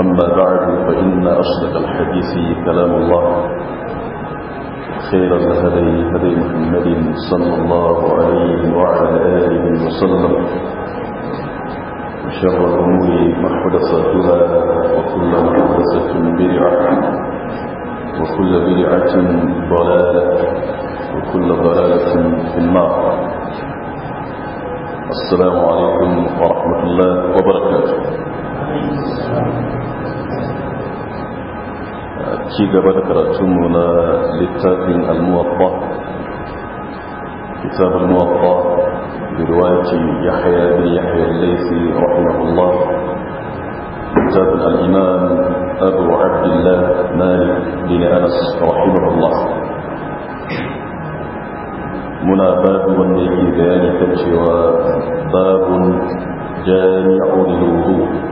أما بعد فإن أصدق الحديث كلام الله خير الهدي هدي محمد صلى الله عليه وعلى آله وسلم وشر الأمور محدثاتها وكل محدثة بدعة وكل بدعة ضلالة وكل ضلالة في النار السلام عليكم ورحمة الله وبركاته ci gaba da karatun mu na littafin al-muwatta kitab al-muwatta bi riwayati yahya bin yahya al-laythi rahimahullah kitab al-imam abu abdullah malik bin anas rahimahullah muna babu wanda yake bayani kan cewa babun jami'u jami'ul wudu'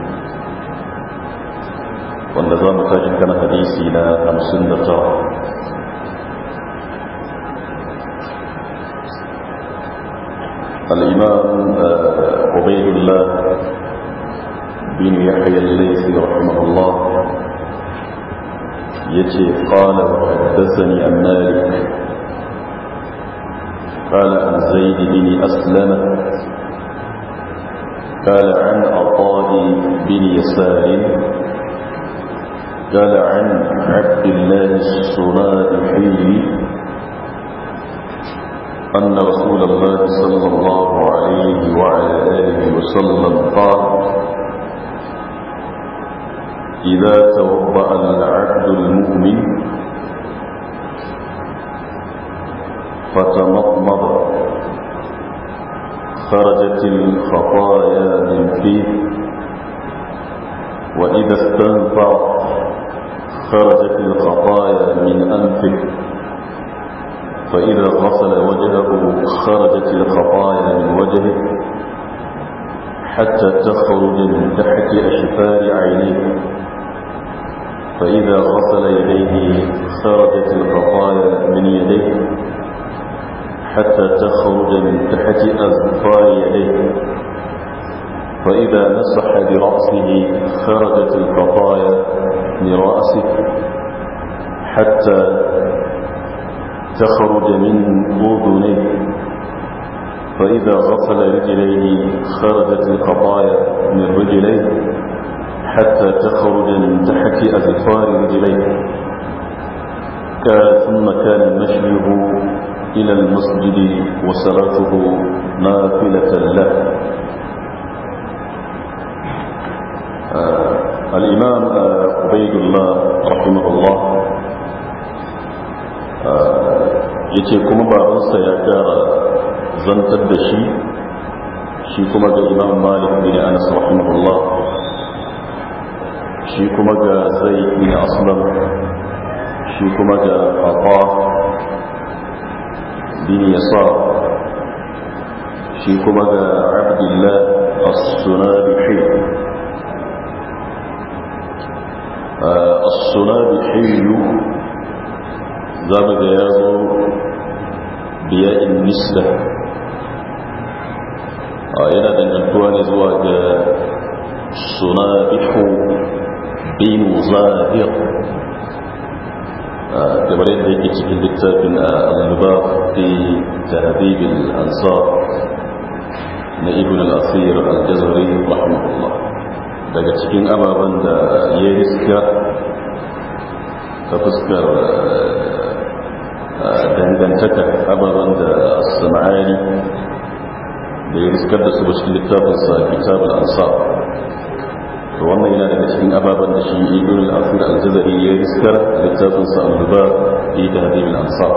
wanda za mu tashi kan hadisi na 59 الإمام آه، عبيد الله بن يحيى الليثي رحمه الله يتي قال وحدثني عن مالك قال عن زيد بن أسلم قال عن عطاء بن يسار قال عن عبد الله السنادحي أن رسول الله صلى الله عليه وعلى آله وسلم قال إذا توضأ العبد المؤمن فتمضمض خرجت الخطايا من فيه وإذا استنفر خرجت الخطايا من أنفه فإذا غسل وجهه خرجت الخطايا من وجهه حتى تخرج من تحت أشفار عينيه فإذا غسل يديه خرجت الخطايا من يديه حتى تخرج من تحت أزفار يديه فإذا مسح برأسه خرجت الخطايا لرأسك حتى تخرج من أذنيه فإذا غسل رجليه خرجت القطايا من رجليه حتى تخرج من تحت أذفار رجليه ثم كان مشيه إلى المسجد وصلاته نافلة له آه، الإمام آه عبيد الله رحمه الله yace kuma babansa ya gara zantar da shi shi kuma ga imam malik bin anas rahimahullah shi kuma ga zai bin aslam shi kuma ga fata bin yasar shi kuma ga abdullah as-sunabi آه، الصلاب حيو ذبق يازو بياء النسلة أين آه، يكون زواج الصنابح بين ظاهر كبرين آه، ذلك تكن كتاب المباق في تهذيب الأنصار نائب الأصير الجزري رحمه الله daga cikin ababen da ya riska ta fuskar dangantaka ababen da sama'ari da ya riskar da su ba cikin littafinsa kitabul ansar to wannan yana daga cikin ababen da shi ibn al-asir al-jazari ya riskar littafinsa al-duba fi tahdhib al-ansar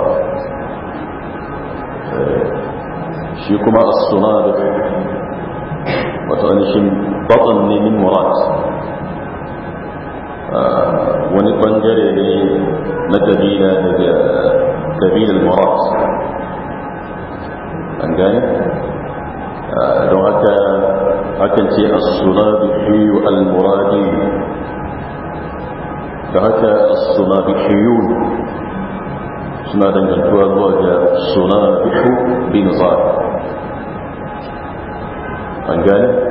shi kuma as-sunad wato shi baton ne min murad wani bangare ne na kabila daga kabilar murad an gane don haka hakan ce as-sunadu al-muradi da haka as-sunadu suna dangantuwa zuwa ga sunadu bin zahir an gane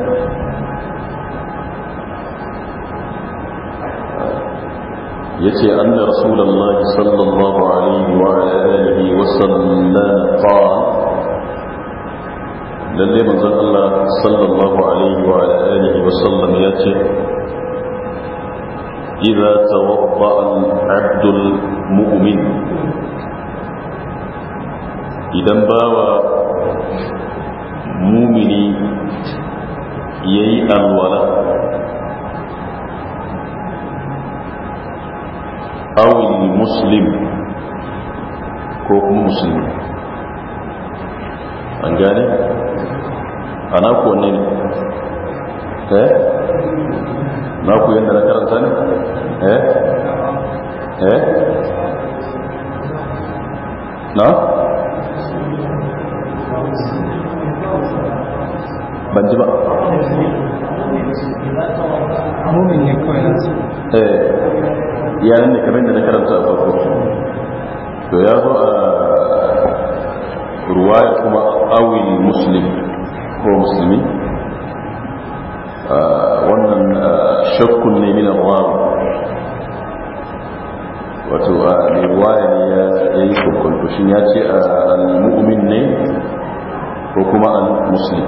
yace anna rasulullahi sallallahu alaihi wa alihi wa sallam qala lalle manzon Allah sallallahu alaihi wa alihi wa sallam yace idza tawadda al-abdu al-mu'min idan bawa muslim ko kuma musulmi an gane ana ku wanne ne eh na ku yadda na karanta ne eh eh na ban ji ba bayanin da kamar da na karanta a farko to ya zo a ruwaya kuma awi muslim ko musulmi wannan shakkun ne min ruwa wato a ruwaya ne ya yi kokonto shi ya ce al-mu'min ne ko kuma al-muslim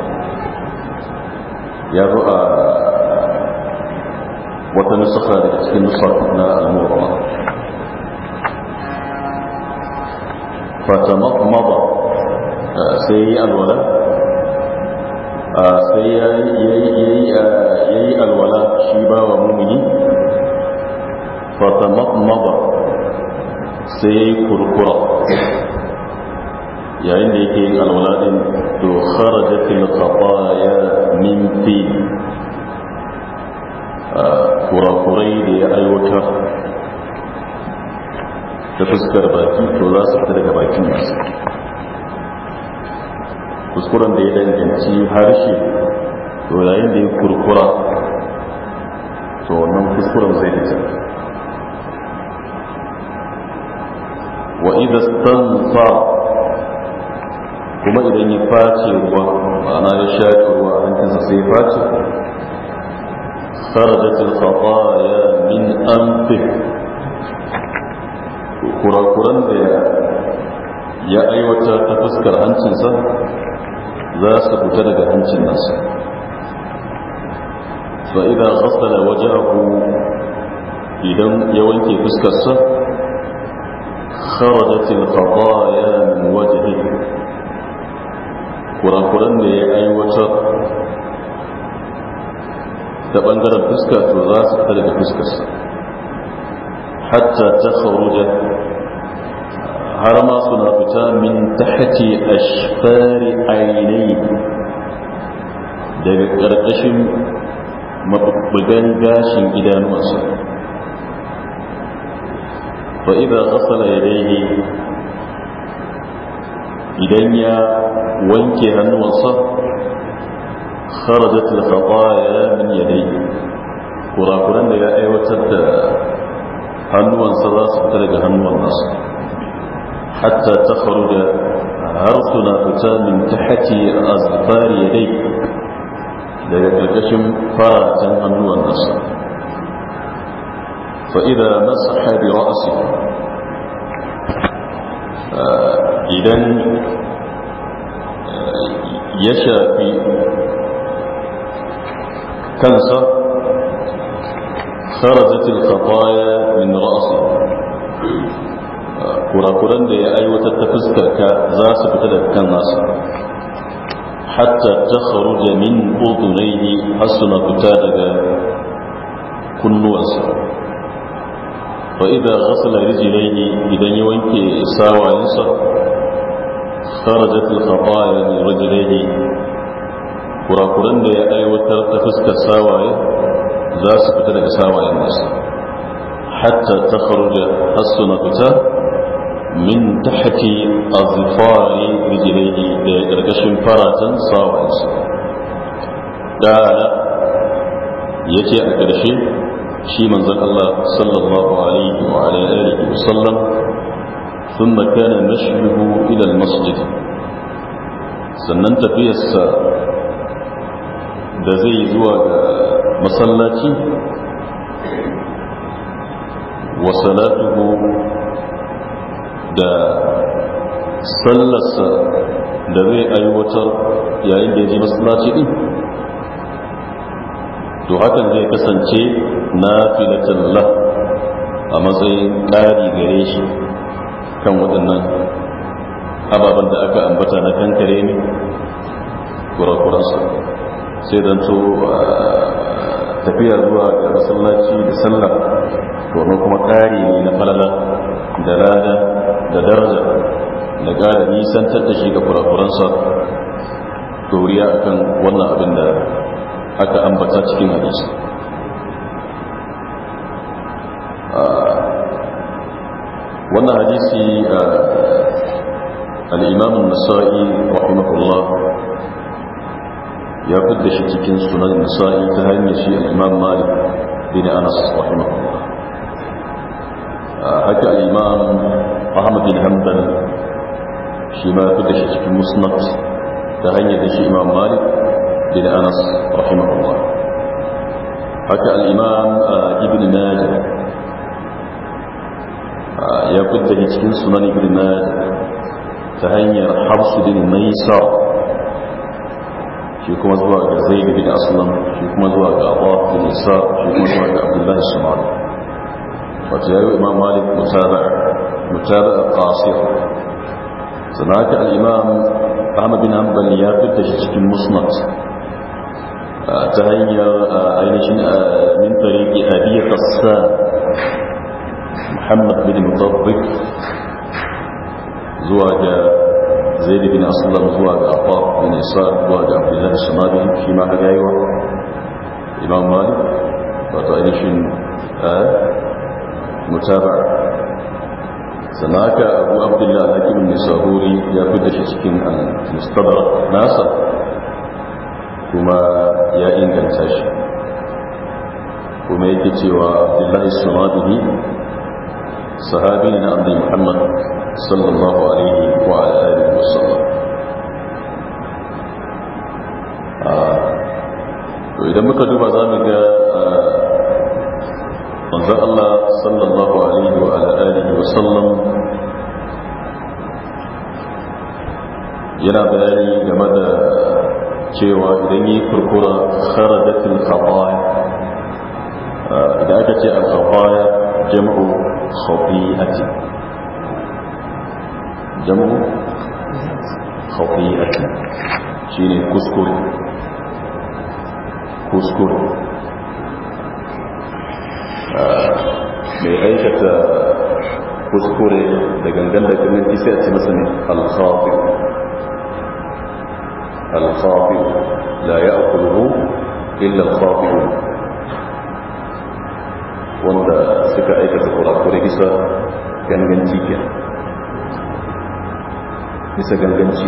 ya zo a وتنسخ لنصرفنا أمورا فتمضمض سيئا ولا سيئا ولا شيبا ومؤمني فتمضمض سيئا كركرا يعني كي الولاد خرجت الخطايا من فيه kurakurai da ya aiwatar ta fuskar baki to za su fita daga bakin masu kuskuren da ya danganci harshe to yayin da ya kurkura to wannan kuskuren zai fita wa idan kuma idan ya face ruwa ma'ana ya shaƙi ruwa a hankinsa sai ya face خرجت الخطايا من أنفه كرة كرة يا أيوة تفسكر أنت نسا لا سبتنك أنت الناس فإذا غسل وجهه إذا يولك فسكر خرجت الخطايا من وجهه كرة كرة يا أيوة تفسكر ta bangaren fuska to za su da fuskar sa hatta ta khuruja har ma suna fita min tahti ashfari ainai daga karkashin mabubbugan gashin idanuwansa fa idan ghasala yadayhi idan ya wanke hannuwansa خرجت الخطايا من يديه كراكراً لها أيوة تبدأ هنوا صلاص بتلقى هنوا نصر حتى تخرج عرسنا نافتا من تحت أزبار يديك لكشم فارة هنوا نصر فإذا مسح برأسه آه، إذا آه، يشا في كانسر خرجت الخطايا من راسه كوراكوران دي ايوه تتفزك كزاس بتدك كانسر حتى تخرج من اذنيه اسنا بتادك كنوس فاذا غسل رجليه اذا يوانك ساوى خرجت الخطايا من رجليه kurakuran da ya aiwatar ta fuskar sawaye za su fita daga sawayen nasu hatta ta faruja hasu na fita min ta haki a zifari rijilai da ya ƙarƙashin faratan sawayensu ƙara ya ce a ƙarshe shi manzan Allah sallallahu alaihi wa alaihi wa sallam ثم كان مشيه إلى masjid sannan tafiyarsa da zai zuwa ga masallaci wa salatuhu da sallarsa da zai aiwatar yayin da ya je masallaci din to hakan zai kasance na filatallah a matsayin ƙari gare shi kan waɗannan ababen da aka ambata na kankare ne kurakuransa sai don to ah, tafiya zuwa ga masallaci da sallah domin kuma kare ne na falala da lada da daraja da ƙara nisantar da shi ga kurakuransa doriya akan wannan abin da aka ambata cikin hadisi ah, wannan hadisi ah, al-imam an-nasa'i rahimahullah ya fidda shi cikin sunan nisa'i ta hanyar shi al'imam malik bin anas rahimahullah haka al'imam ahmad bin hanbal shi ma ya fidda shi cikin musnad ta hanyar da shi imam malik bin anas rahimahullah haka al'imam ibn najah ya fidda shi cikin sunan ibn najah ta hanyar habsu bin maisar shi kuma zuwa ga zaid bin aslam shi kuma zuwa ga abu bin isa shi kuma zuwa ga abdullahi samari wato yayi imam malik mutara mutaba'a qasir sanaka al-imam ahmad bin hanbal ya fita shi cikin musnad ta hanyar ainihin min tariqi abi qassan muhammad bin mutabbiq zuwa ga زيد بن أسلم هو أبا بن إسار هو عبد الله الشمالي فيما أدى أيوة إمام مالك فتعليش آه، متابع سماك أبو عبد الله لكن من سهولي يأكد شكين أن نستدرك ناسا كما يأين كان ساشي كما يكتوى عبد الله الصمادي صحابي عبد محمد sallallahu alaihi wa alihi wasallam ah, to idan muka duba za mu ga ah, manzon Allah sallallahu alaihi wa alihi sallam, yana bayani game da cewa idan yi kurkura kharajatul khataya ah, idan aka ce al-khataya jam'u khati'ati jam'u khati'ati shine kuskure kuskure mai aikata kuskure da gangan da ganin isa ce masa ne alkhafir alkhafir la ya'kuluhu illa alkhafirun wanda suka aikata kurakure bisa gangan cikin bisa ganganci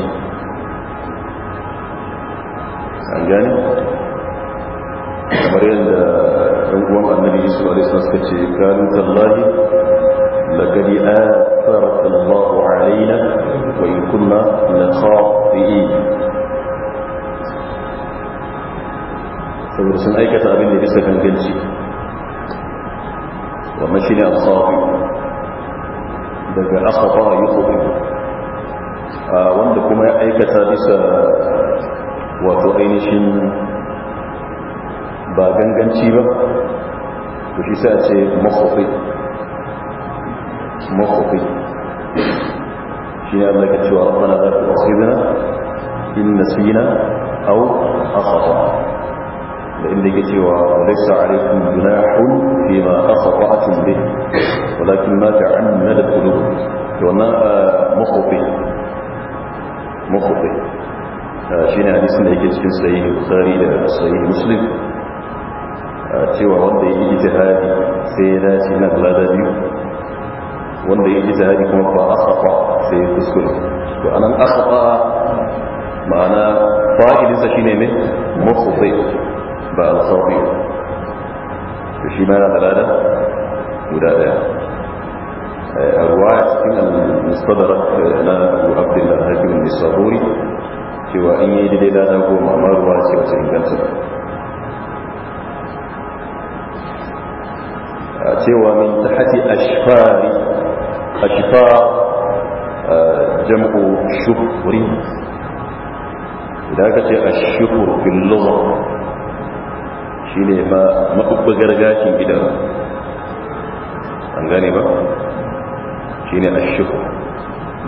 an gane kamar yadda ɗan uwan annabi yusuf alaihi suka ce kanu tallahi laqad atharaka Allahu alaina wa in kunna lakhati'in saboda sun aikata abin da bisa ganganci wannan shine al-khati daga asaba yusufu da kuma ya aikata bisa wato ainihin ba ganganci ba to shi sai ce makwafi makwafi shi ne allah ke cewa rabbana za ku asirina in nasina aw akhata da inda yake cewa laysa alaykum gunahun fi ma akhata'tum bih walakin ma ta'ammadat qulubukum to wannan makwafi mafuɗi shi ne hadisun da yake cikin sayi bukari da sayi muslim cewa wanda ya yi ijihadi sai ya dace na lada biyu wanda ya yi ijihadi kuma ba asafa sai ya kuskure to anan asafa ma'ana fa'ilinsa shi ne mai mafuɗi ba alfafi to shi ma yana da lada guda ɗaya الرواية السنة مصدرت لنا أبو عبد الله هاجم النصابوري في وعي دلالة أبو مأمار واسي وسلم جنسل سوى من تحت أشفار أشفاء آه، جمع شكر إذا كنت الشكر في اللغة شيني ما ما أبقى جرقاتي إذا أنجاني بقى shine ashifu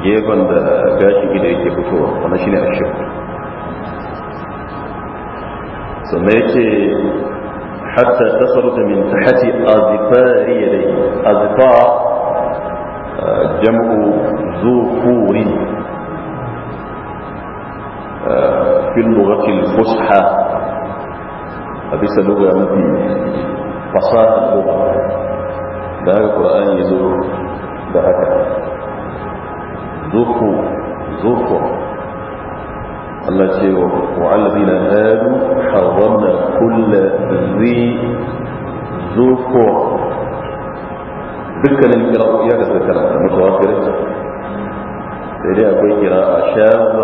gefen da gashi gida yake fitowa wannan shine ashifu sannan yake hatta da min tahati azfari yadayhi azfar jam'u zufuri في اللغة الفصحى أبيس لغة مفي فصاحة اللغة ده القرآن يزور da haka zuku zuku Allah ce wa wa'allazina hadu harramna kulla zi zuku dukkanin kira'u ya gasa karanta mutawafirin sai dai akwai kira a shazza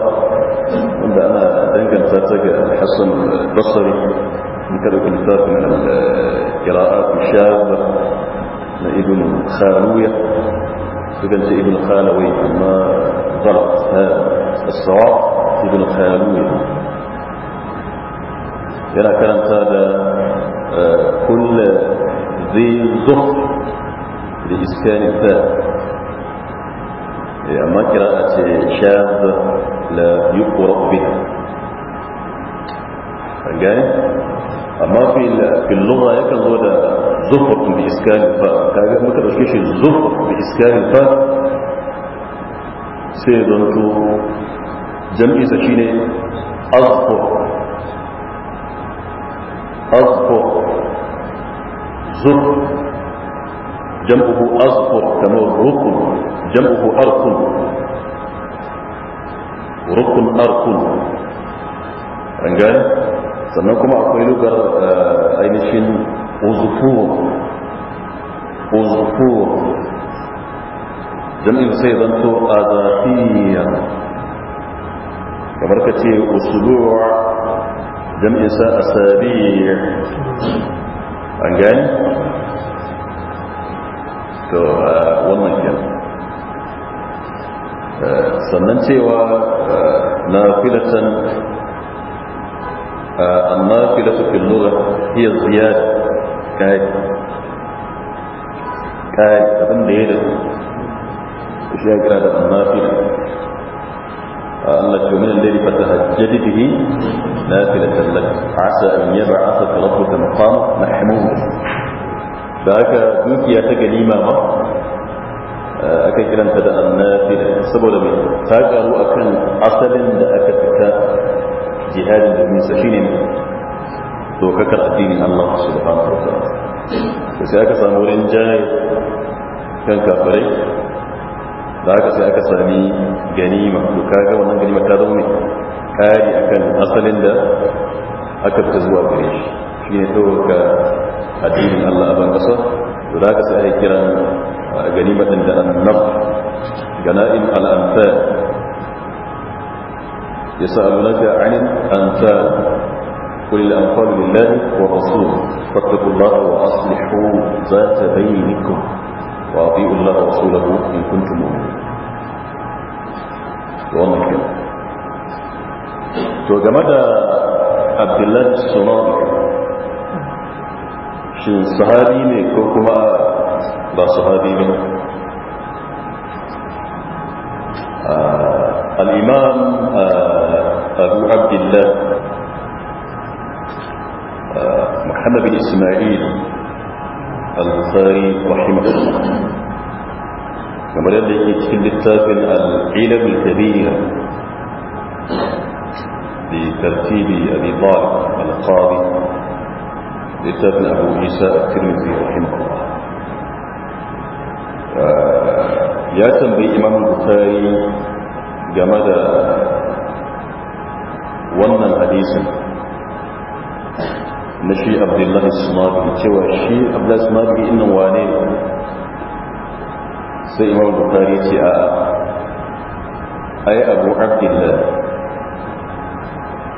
wanda ana danganta ta ga hassan basari in ka dauki littafin kira'atu shazza na ibn kharuya فقلت ابن خالوي ما غلط هذا الصواب ابن خالوي إلى كلام هذا آه، كل ذي ظهر لإسكان الفاء إيه، أما قراءة شاذ لا يقرأ بها أما في اللغة يكن هذا زفر بإسكان الفاء كاجة مكا بشكيش زفر بإسكان الفاء سيدنتو جمعي سكيني أظفر أظفر زفر جمعه أظفر كما ركن جمعه أركن rukun arkun an gane sannan kuma akwai lugar ainihin وذكور وذكور جميل سيدا تو أذاقية كبركة أسلوع جميل سا أسابيع أنجاني تو آه، ومن كان sannance wa na filatan amma filatu fil lugha kari kari abin da ya da su shi ya kira da annafi Allah ce min alladhi fatahajjad bihi nafilatan lak asa an yab'athaka rabbuka maqama mahmud da haka dukiya ta ganima ma aka kiranta da annafila saboda mai ta karu akan asalin da aka fita jihadin domin sa shine dokakar addinin Allah subhanahu wa ta'ala to sai aka samu wurin jayar kan kafirai da haka sai aka sami ganima to kaga wannan ganima ta zama kari akan asalin da aka fita zuwa gare shi shi ne ɗaukaka addinin Allah a ban ƙasa to da haka sai ake kiran ganima ɗin da annab gana'in al'amfar ya sa'alunaka anin amfar قل الأنفال لله ورسوله فاتقوا الله وأصلحوا ذات بينكم وأطيعوا الله ورسوله إن كنتم مؤمنين وأنا كلا تو جمد عبد الله الصنابي شن صحابي من كوكما با صحابي من آه، الإمام آه، أبو عبد الله محمد بن إسماعيل البخاري رحمه الله كما يلي في كتاب العلم الكبير لترتيب أبي طالب القاضي لتافل أبو عيسى الترمذي رحمه الله آه، يا تنبي امام البخاري جمد da wannan shi abdullahi sumabi cewa shi abdullahi sumabi innan wane sai imam bukari ce a ai abu abdullah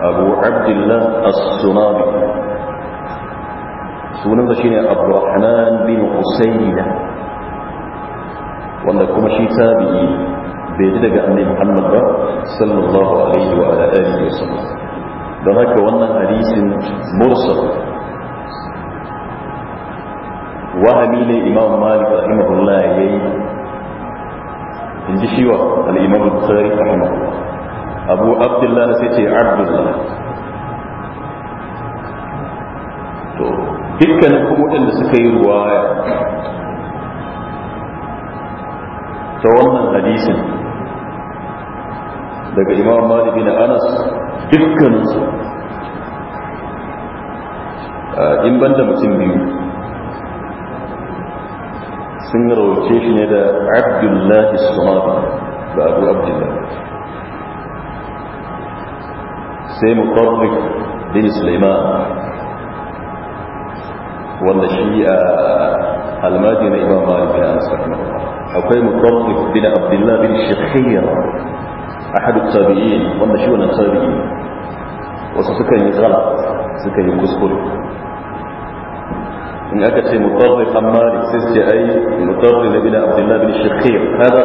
abu abdullah as-sumabi sunan da shine abdurrahman bin usayda wanda kuma shi tabi'i bai ji daga annabi muhammad ba sallallahu alaihi wa ala alihi wa sallam don haka wannan hadisin mursal wahami ne imam malik rahimahullah ya yi in ji shiwa al'imam bukhari rahimahullah abu abdullah sai ce abdullah to dukkanin kuma waɗanda suka yi ruwaya ta wannan hadisin daga imam malik bin anas dukkaninsu in banda mutum biyu sun rawace shi ne da abdullahi sunadi da abu abdullahi sai mutarrik bin suleiman wanda shi a almadi na imam malik ya ansa akwai mutarrik bin abdullahi bin shakhiyar ahadu tabi'in wanda shi wannan tabi'in wasu suka yi zala suka yi kuskure إن أكد في مضطر حمار السيسي أي مضطر إلى عبد الله بن الشخير هذا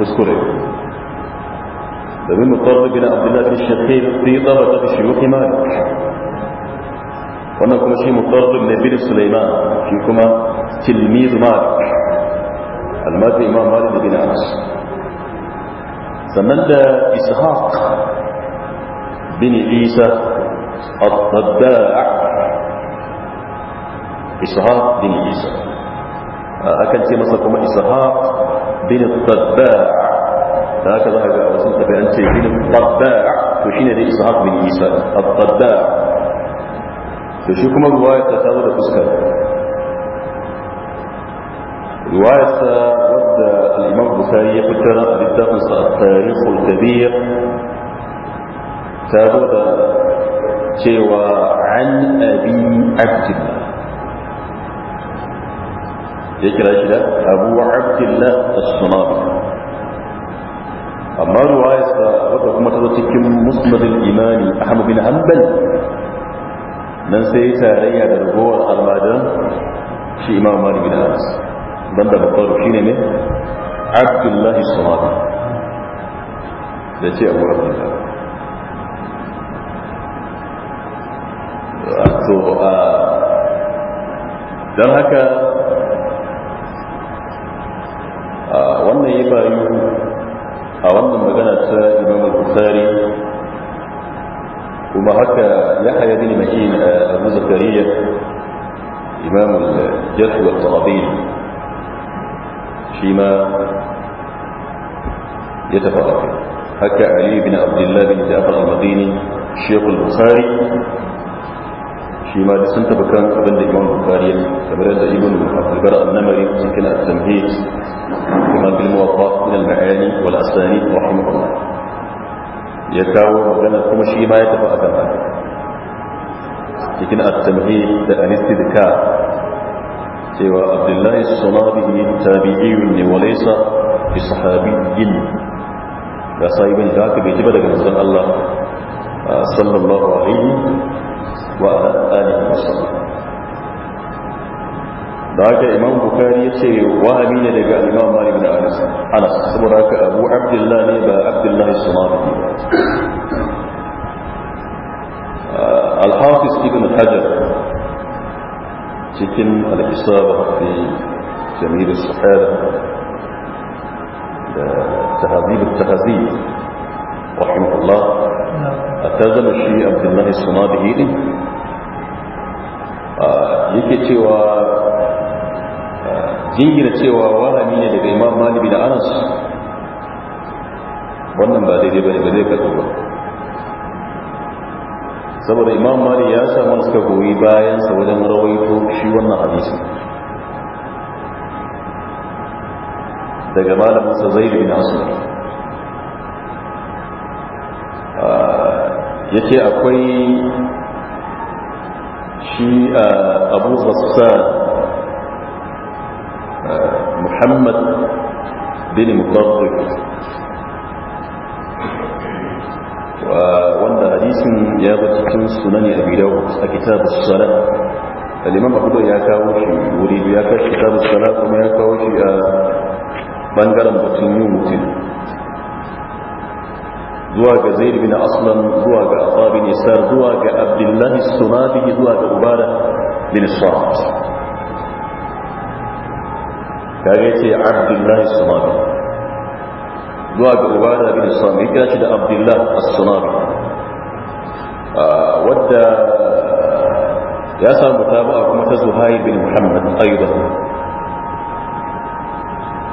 اذكره فمن مضطر بن عبد الله بن الشخير في طبقة شيوخ مالك وأنا كما شيء مضطر بن بن سليمان فيكما تلميذ مالك المات إمام مالك بن أنس sannan اسحاق بن عيسى الضداع إسحاق بن عيسى أكن في مصر إسحاق بن الطباع هكذا هذا وسنت بأن بن الطباع فشين ذي إسحاق بن عيسى الطباع فشكم الرواية تساوي لفسك رواية ود الإمام البخاري قدر بالدرس التاريخ الكبير تابوت شيء عن أبي عبد الله ذكر اجل ابو عبد الله الصنابي اما روايه وقت كما تبت كم مسلم الايماني احمد بن حنبل من سيسا ريا درغوة المادة شي امام مالك بن حنس بند بقاره شين من عبد الله الصنابي ذاتي ابو عبد الله أكثر آه. دل هكذا wannan ya bayu a wannan magana ta imam al-bukhari kuma haka ya haya bin mahin abu zakariya imam al-jahl wa tarabil shi ma ya tafi haka ali bin abdullah bin ja'far al-madini shaykh al-bukhari shi ma sun tafi kan abin da imam bukari ya kamar da ibn abdulbar al-namari cikin al-tamhid imam bin muwaffa min al-ma'ani wal asani rahimahullah ya kawo magana kuma shi ma ya tafi akan haka cikin at-tamhid da al-istidkar cewa abdullahi sunabihi tabi'iyyun ne walaysa bi sahabiyyin ga sahibin da aka bai ba daga manzon Allah sallallahu alaihi wa alihi wa sallam da haka imam bukari ya ce wahami ne daga imam malik da anas anas saboda haka abu abdullahi ne ba abdullahi sumawi ne ba al-hafiz ibn hajar cikin al-isaba fi جميل الصحابة تهذيب التهذيب رحمه الله أتازم الشيء عبد الله الصنابهيري yake cewa jingina cewa wahami ne daga imam malibi da anas wannan ba daidai ba ne ba zai karɓi ba saboda imam mali ya samu suka goyi bayansa wajen rawaito shi wannan hadisi daga sa zai bin asu ah, ya ce akwai shi ah, abu zassan محمد بن مطرق وواند حديث يابت كن سنن أبي لو كتاب الصلاة الإمام أبو دو ياكاوش يريد ياكاش كتاب الصلاة وما ياكاوش آه، بانجر مبتن يومتن دواغ كزيد بن أصلا دواغ أطاب نسار دواغ عبد الله السنابه دواغ أبارة من الصلاة kage ce abdullahi sunabi zuwa ga ubada bin sunabi kira ce da abdullahi sunabi wadda ya samu tabi'a kuma ta zuhair bin muhammad aidan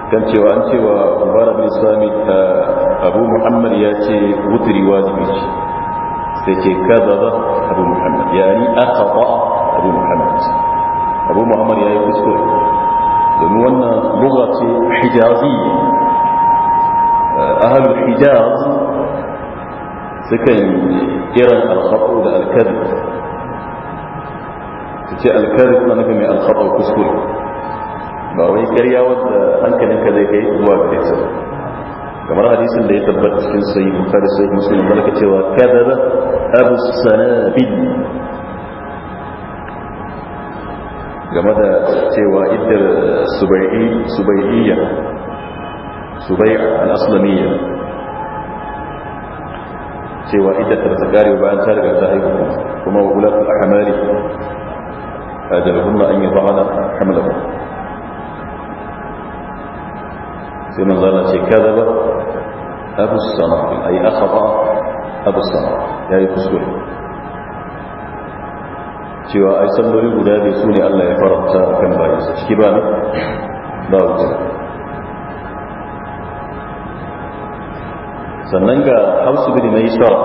kan cewa an cewa ubada bin sunabi abu muhammad ya ce wuturi wajibi ce sai ce kaza abu muhammad yani akhata abu muhammad abu muhammad ya yi kuskure domin wannan lugha ce hijaziyya ahalul hijaz sukan kiran alkhaɓo da alkazib su ce alkazib na nufin mai alkhaɓo kuskure ba wai karya wadda hankalinka zai kai zuwa gare ta kamar hadisin da ya tabbata cikin sayi bukari sayi musulun malaka cewa kadaba abu sanabi game da cewa iddar subai'iyya subai'a al'aslamiyya cewa iddar ta tsakari bayan ta daga ta haihu kuma wa ulatu ahmali ajalahunna an yadhana hamlahum sai manzo Allah ce kadaba abu sana ay akhata abu sana yayi kuskure cewa ai salloli guda ne su ne Allah ya farauta a kan bayansa ciki ba na ba wuta sannan ga hausu bin mai shara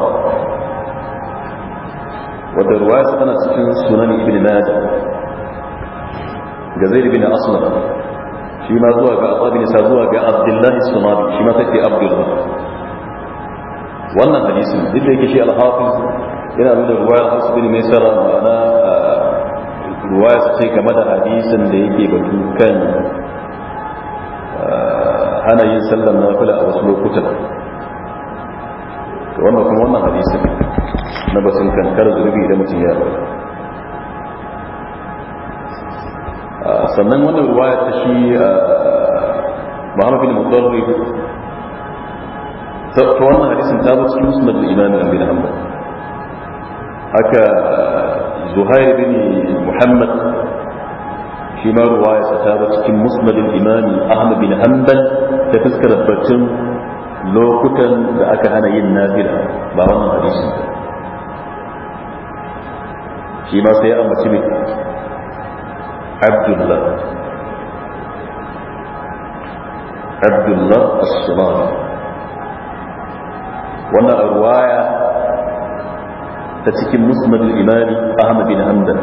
wadda ruwa su tana cikin sunan ibn majah ga zai bin aslan shi ma zuwa ga asabi ne sa zuwa ga abdullahi sunabi shi ma take abdullahi wannan hadisin duk da yake shi al-hafiz yana nuna ruwaya hausu bin mai shara ma'ana ruwa su ce game da hadisin da yake batu kan hana yin sallan na nafila a wasu lokutan da wannan kuma wannan hadisin na batun kankar zurbi da mutum ya bari sannan wannan ruwaya ta shi da mutuwar mutarri ta wannan hadisin ta zo cikin musulman da imanin abin hamba aka زهير بن محمد كما رواية ستابت كم مسمد الإمام أهم بن أنبل تفسك ربتم لو كتن لأك أنا ينادر بارم حديث كما سيأم سمك عبد الله عبد الله الصلاة وانا رواية ta cikin musnadul imami ahmad bin hanbal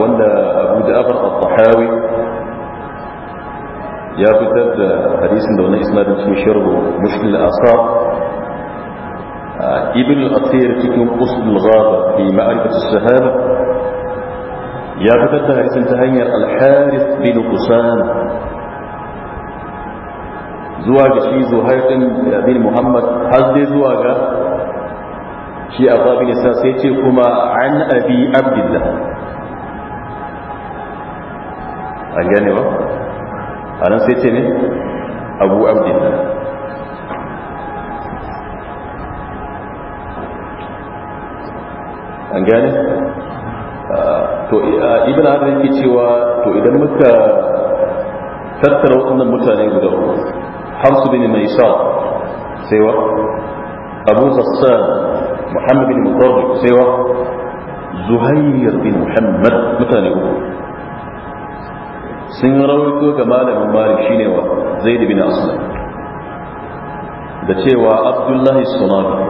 wanda abu ja'far al-tahawi ya fitar da hadisin da wannan isnadin cikin sharhu mushkil asar ibn al-athir cikin usul al-ghaba fi ma'rifat as-sahaba ya fitar da hadisin ta hanyar al-harith bin qusama zuwa ga shi zuhair din bin muhammad har dai zuwa ga shi a babin isa sai ce kuma an abi abdullah an gane ba a nan sai ce ne abu abdullah an gane to ibn adam ke cewa to idan muka tattara waɗannan mutane guda hamsu bin mai sa sai wa abu sassan محمد بن مطار بن زهير بن محمد مثلا يقول سنرويكو كمال عمار شيني وزيد بن أصلا دتي عبد الله الصنابي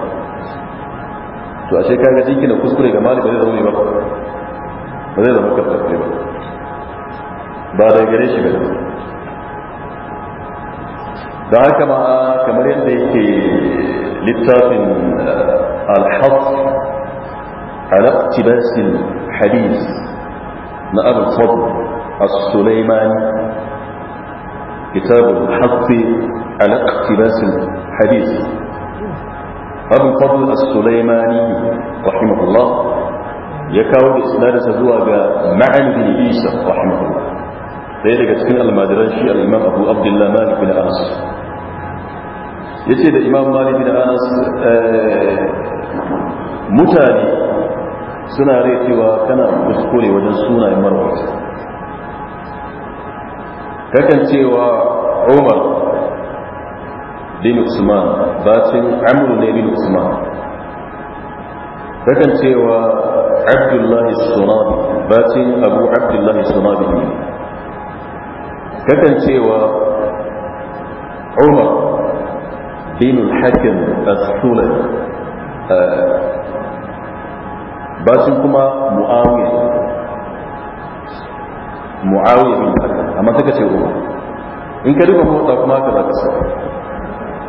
تو أشياء كان يجيك أن أكسكر كمال بذي ذوي بقى بذي ذوي بقى بذي ذوي بعد غريش بذي ذوي da haka ma kamar yadda yake littafin الحظ على اقتباس الحديث من أبو الفضل السليماني كتاب الحظ على اقتباس الحديث أبو الفضل السليماني رحمه الله يكاو إسناد زوا معن بن عيسى رحمه الله ذلك تكن المدرج الإمام أبو عبد الله مالك بن أنس يسيد da مالك بن أنس anas آه، mutane suna rai cewa kana kuskure wajen sunayen marwata kakan cewa umar bin usman bacin amur ne bin usman kakan cewa abdullahi sunabi bacin abu abdullahi sunabi ne kakan cewa umar bin al-hakim as-sulami Ba sun kuma mu'awiya mu'awiya bin hakan amma ce umar in ka duba motsa kuma ka za ka sa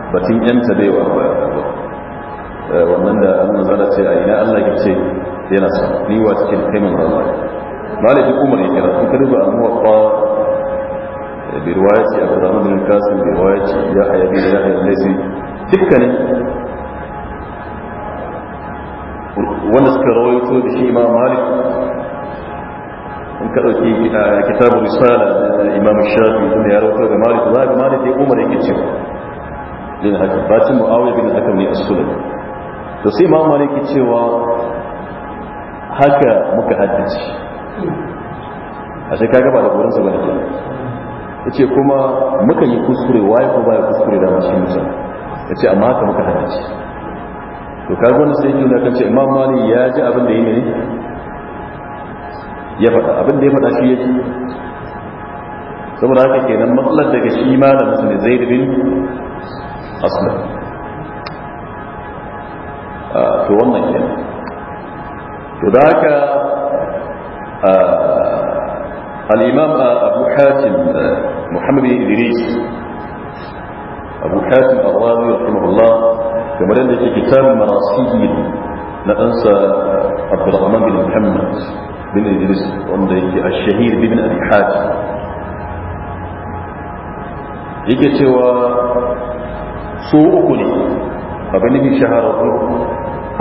batun yanta bai wa eh, wannan da an nazara ce a ina allah ya ce yana sa ni wa cikin kai zama malamin umar ya kira in ka duba al-muwatta eh, bi riwayati ya bin kasim bi riwayati yahya bin yahya al-laysi dukkanin wanda suka rawaito da shi imam malik in ka ɗauki ah, kitabu risala da imam shafi wanda ya rawaito da malik za ga malik ya umar yake cewa din haka bacin mu'awiya bin hakan ne as-sulami to sai imam malik ya cewa haka muka haddace a sai kaga ba da gurin sa ne yace kuma muka yi kuskure waye ko ba ya kuskure da mashi musa yace amma haka muka haddace to kaga wani sai yake na kace imam mali ya ji abin da yi ne ya faɗa abin da ya faɗa shi ya saboda haka kenan matsalar daga shi malamin su zai zaid bin aslam to wannan kenan to da haka al-imam abu hatim muhammad bin idris abu hatim al-razi rahimahullah kamar yadda ke kitabun marasiyin na ɗansa abdurrahman bin muhammad bin idris wanda yake a shahir bin abi hadi yake cewa su uku ne abin da ke shahararru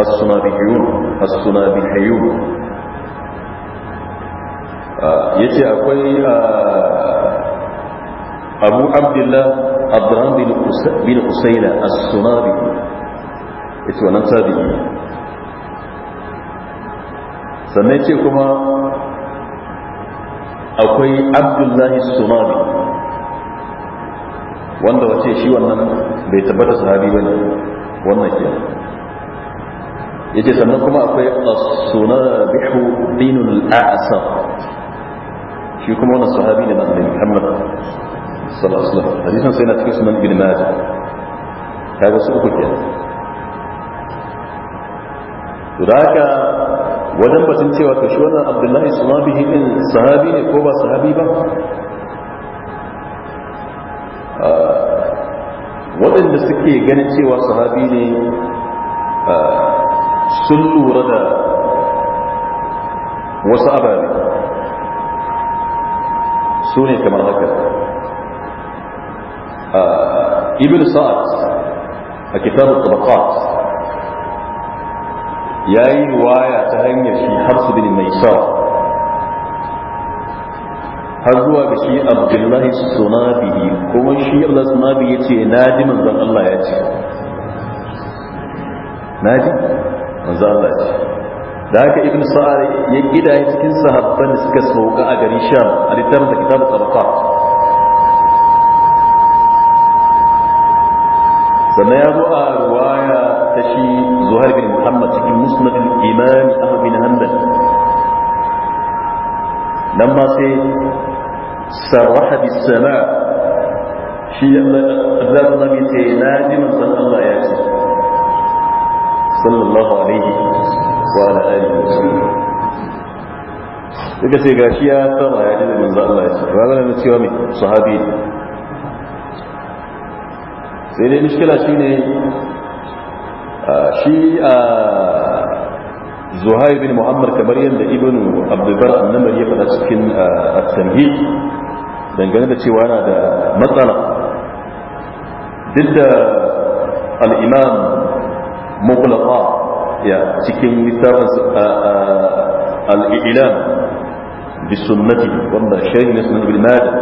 as-sunabiyun as-sunabiyun yace akwai abu abdullah abdurrahman bin husaina as-sunabi ita wannan tabi'i sannan ce kuma akwai abdullahi sumari wanda wace shi wannan bai tabbata sahabi ba ne wannan ke ya ce sannan kuma akwai as-sunabihu binul a'asar shi kuma wannan sahabi ne na annabi Muhammad sallallahu alaihi wasallam hadisin sai na cikin sunan ibn majah kaga su uku kenan daga wajen batun cewa ta shi wannan abdullahi su sahabihi hidin sahabi ne ko ba sahabi ba waɗanda suke ganin cewa sahabi ne sun lura da wasu abari su ne kamar haka ibn sa'ad a kitabun tabaqat ya yi ruwaya ta hanyar shi har su bin mai sa har zuwa ga shi abdullahi sunabihi kuma shi allah sunabihi ya ce na ji manzan Allah ya ce na ji manzan Allah ce da haka ibn sa'ar ya gida ya cikin sahabban da suka sauka a gari sham a littafin da kitabu tsarfa sannan ya zo a ruwaya ta shi imam ahmad hanbal nan ma sai sarraha bis sama shi zarrabi ce na ji manzon Allah ya ce sallallahu alaihi wa ala alihi wa sallam suka ce gashi ya sama ya ji da manzon Allah ya ce ranar da cewa mai sahabi sai dai mishkila shine shi a Zuhai bin muhammad kamar yadda ibn abdulbar annabar ya faɗa cikin uh, at-tamhid dangane da cewa yana da matsala duk da al-imam ya cikin littafin uh, uh, al-ilam bi sunnati wanda shaykh nasr bin madah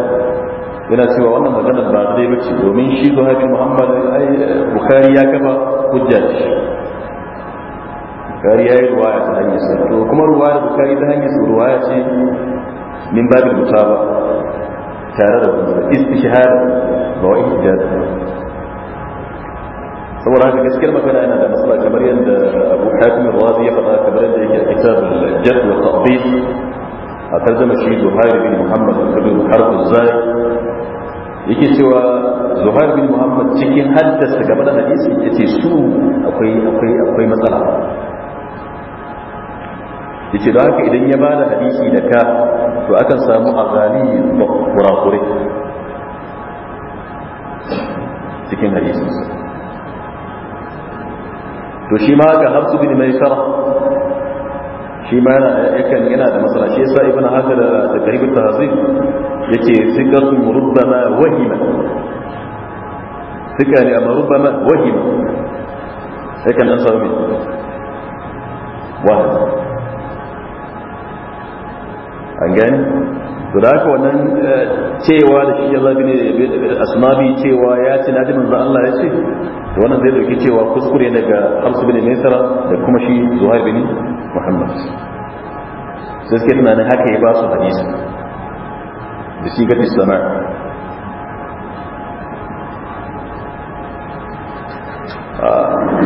yana cewa wannan maganar ba dai bace domin shi zuhai bin muhammad bukhari ya kafa hujja ce bukari ya yi ruwaya ta hanyar sa to kuma ruwaya bukari ta hanyar sa ruwaya ce min babin mutaba tare da wanda istishhar ba wa ihtijaz saboda haka gaskiyar magana yana da matsala kamar yadda abu hakim razi ya faɗa kamar yadda yake a kitabul jadd wa ta'dil a tarjama shi zuhair bin muhammad bin harb zai yake cewa zuhair bin muhammad cikin haddasa game da hadisi yace su akwai akwai akwai matsala yace don haka idan ya bada hadisi da ka to akan samu azali kurakure cikin hadisi to shi ma ga hafsu bin mai shara shi ma yana yakan yana da masana shi yasa ibnu haka da karibul tahzib yace sikatun rubbama wahima suka ne amma rubbama wahima Sai kan dan samu wahima an gani to da haka wannan eh, cewa da shi Allah bin asmabi cewa ya ce na ji manzo Allah ya ce to wannan zai dauki cewa kuskure daga Hamsu bin Maisara da kuma shi Zuhair bin Muhammad sai suke tunanin haka ya ba su hadisi da shi gadi sana ah,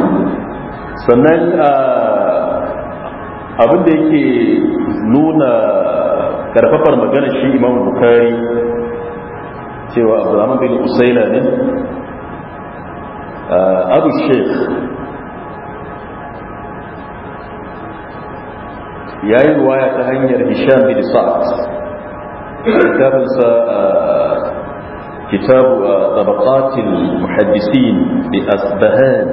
sannan ah, abin da yake nuna karfafar magana shi imam bukari cewa abdurrahman bin usaila ne abu sheikh ya yi waya ta hanyar hisham bin sa'ad a kitabu a tabbatin muhaddisin bi asbahan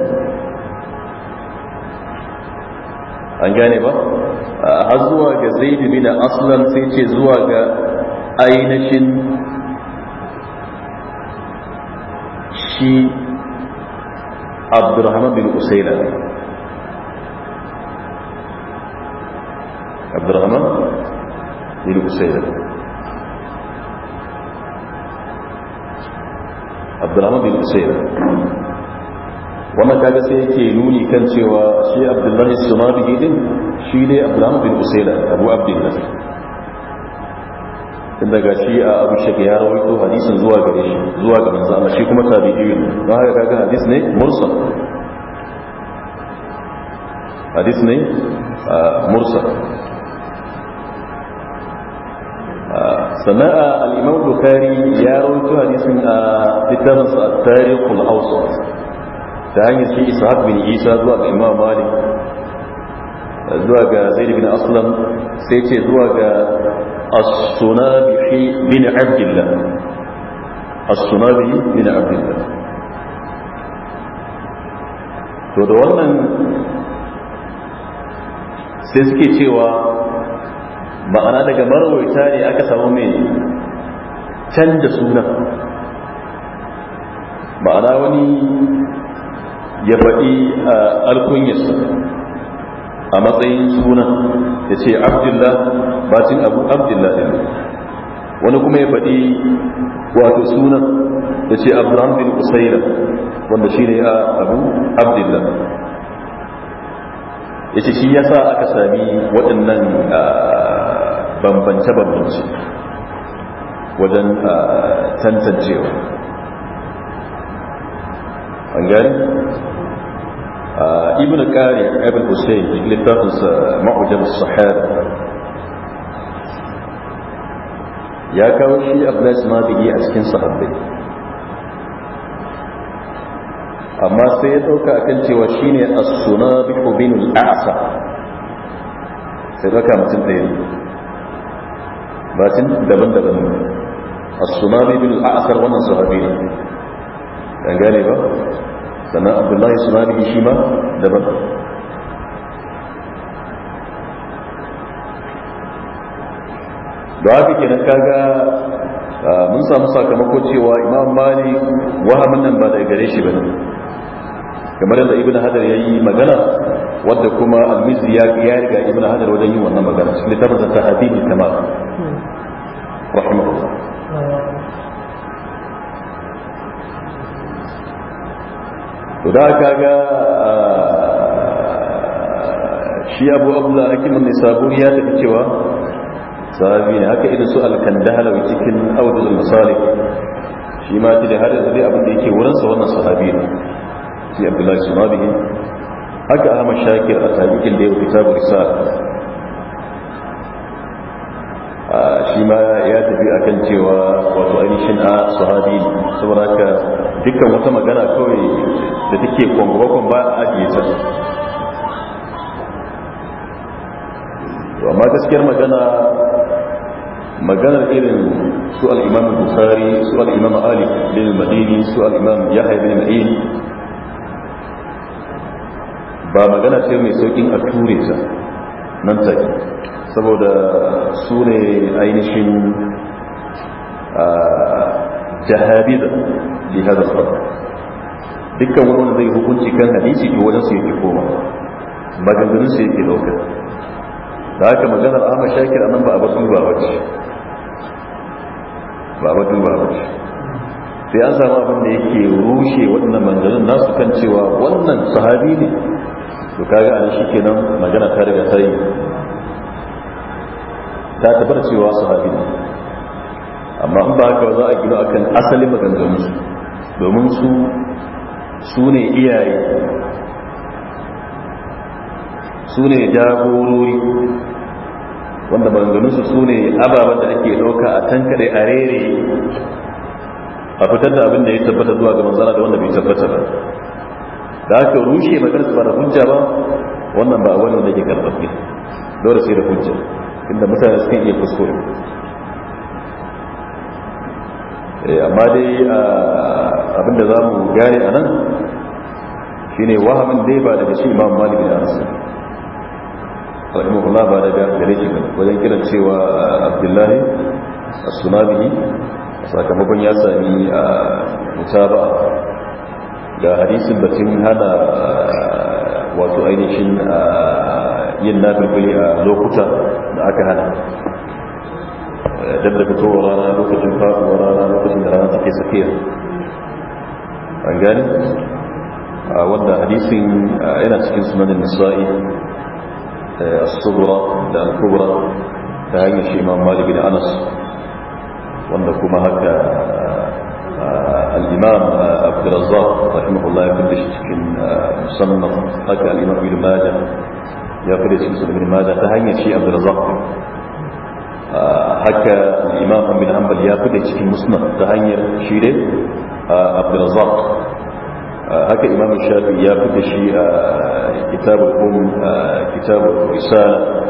an gane ba har zuwa ga zaid bin aslam sai ce zuwa ga ainihin shi abdurrahman bin usaila abdurrahman bin usaila abdurrahman bin usaila wannan kaga sai yake nuni kan cewa shi abdullahi sumabi din shi ne abdullahi bin usaila abu abdullahi tun daga shi a abu shaƙi ya rawaito hadisin zuwa gare shi zuwa ga manzo Allah shi kuma tabi'i ne don haka kaga hadis ne mursal hadis ne mursal sana'a al-imam bukhari ya rawaito hadisin a littafinsa at-tariq al-awsat ta hanyar shi ishaq bin isa zuwa ga imam malik zuwa ga zaid bin aslam sai ce zuwa ga as bin abdullah as bin abdullah to da wannan sai suke cewa ma'ana daga marawaita ne aka samu mai canza sunan ma'ana wani ya faɗi a alkunyar a matsayin suna ya ce abdullah ba cin abu abdullah ɗin wani kuma ya faɗi wato suna ya ce abdurrahman bin usaila wanda shi ne a abu abdullah ya ce shi ya sa aka sami waɗannan bambance-bambance wajen tantancewa an gane ibn kari ibn hussein littafinsa ma'ujan sahara ya kawo shi abdullahi ismaili a cikin sahabbai amma sai ya dauka akan cewa shine as-sunabi bin al-a'sa sai dauka mutum ɗaya ne ba tun daban-daban ne as-sunabi bin al wannan sahabi ne an gane ba sannan abdullahi sunani shi ma daban da haka kenan kaga mun samu sakamako cewa imam mali wahamin nan ba da gare shi ba kamar da ibn hadar ya yi magana wadda kuma almizi ya ya riga ibn hadar wajen yin wannan magana shi tabbatar ta hadithi kama hmm. rahimahullah to da kaga shi abu abdullah hakimin nisaburi ya tafi cewa sahabi ne haka irin su alkandahalawi cikin audul misali shi ma ta da har yanzu dai abin da yake wurinsa wannan sahabi ne shi abdullahi sunabihi haka ahmad shakir a tabikin da ya kitabu risala shi ma ya tafi akan cewa wato ainihin a sahabi ne saboda haka dukkan wata magana kawai da take kwamba-kwamba a ajiye ta amma gaskiyar magana maganar irin su al'imam bukari su al'imam alif bin madini su al'imam yahya bin ma'in ba magana ce mai saukin a ture ta nan take saboda su ne ainihin da ah, bi hada sabab dukkan wani zai hukunci kan hadisi to wajen su yake koma maganganun su yake dauka da haka maganar ahmad shakir anan ba a ba duba ba ce ba ba ba ce sai an samu abin da yake rushe wannan maganganun nasu kan cewa wannan sahabi ne to kaga an shi kenan magana ta riga ta ta tabbar cewa sahabi ne amma in ba haka za a gina akan asalin maganganun musu. domin su su ne iyaye su ne jagorori wanda banganinsu su ne ababen da ake ɗauka a tankare a rere a fitar da abin da ya tabbata zuwa ga manzana da wanda bai tabbata ba da aka rushe maganar su ba da hujja ba wannan ba wani wanda ke karfafi dole sai da hujja inda mutane sukan iya kuskure eh, amma dai ah, abinda za mu gane a nan shi ne wahamin dai ba daga shi imam malik da arsa rahimahullah ba daga gare shi ba wajen kiran cewa ah, abdullahi a a sakamakon ya sami a ah, mutaba ga hadisin batun hana ah, wato ainihin yin nafilfili a lokuta da aka hana eh, Dabda da fitowar rana lokacin fasuwa rana lokacin da rana take tsakiya an gani wanda hadisin yana cikin sunanin nisa'i as-sughra da al-kubra ta hanyar shi imam malik da anas wanda kuma haka al-imam abdurrazzaq rahimahullah ya kulle shi cikin musannaf haka al-imam ibn majah ya kulle cikin sunan ibn majah ta hanyar shi abdurrazzaq haka al-imam ibn hanbal ya kulle cikin musnad ta hanyar shi dai عبد الرزاق آه، هكا إمام الشافعي يأخذ شيء آه، كتاب الأم آه، كتاب الرسالة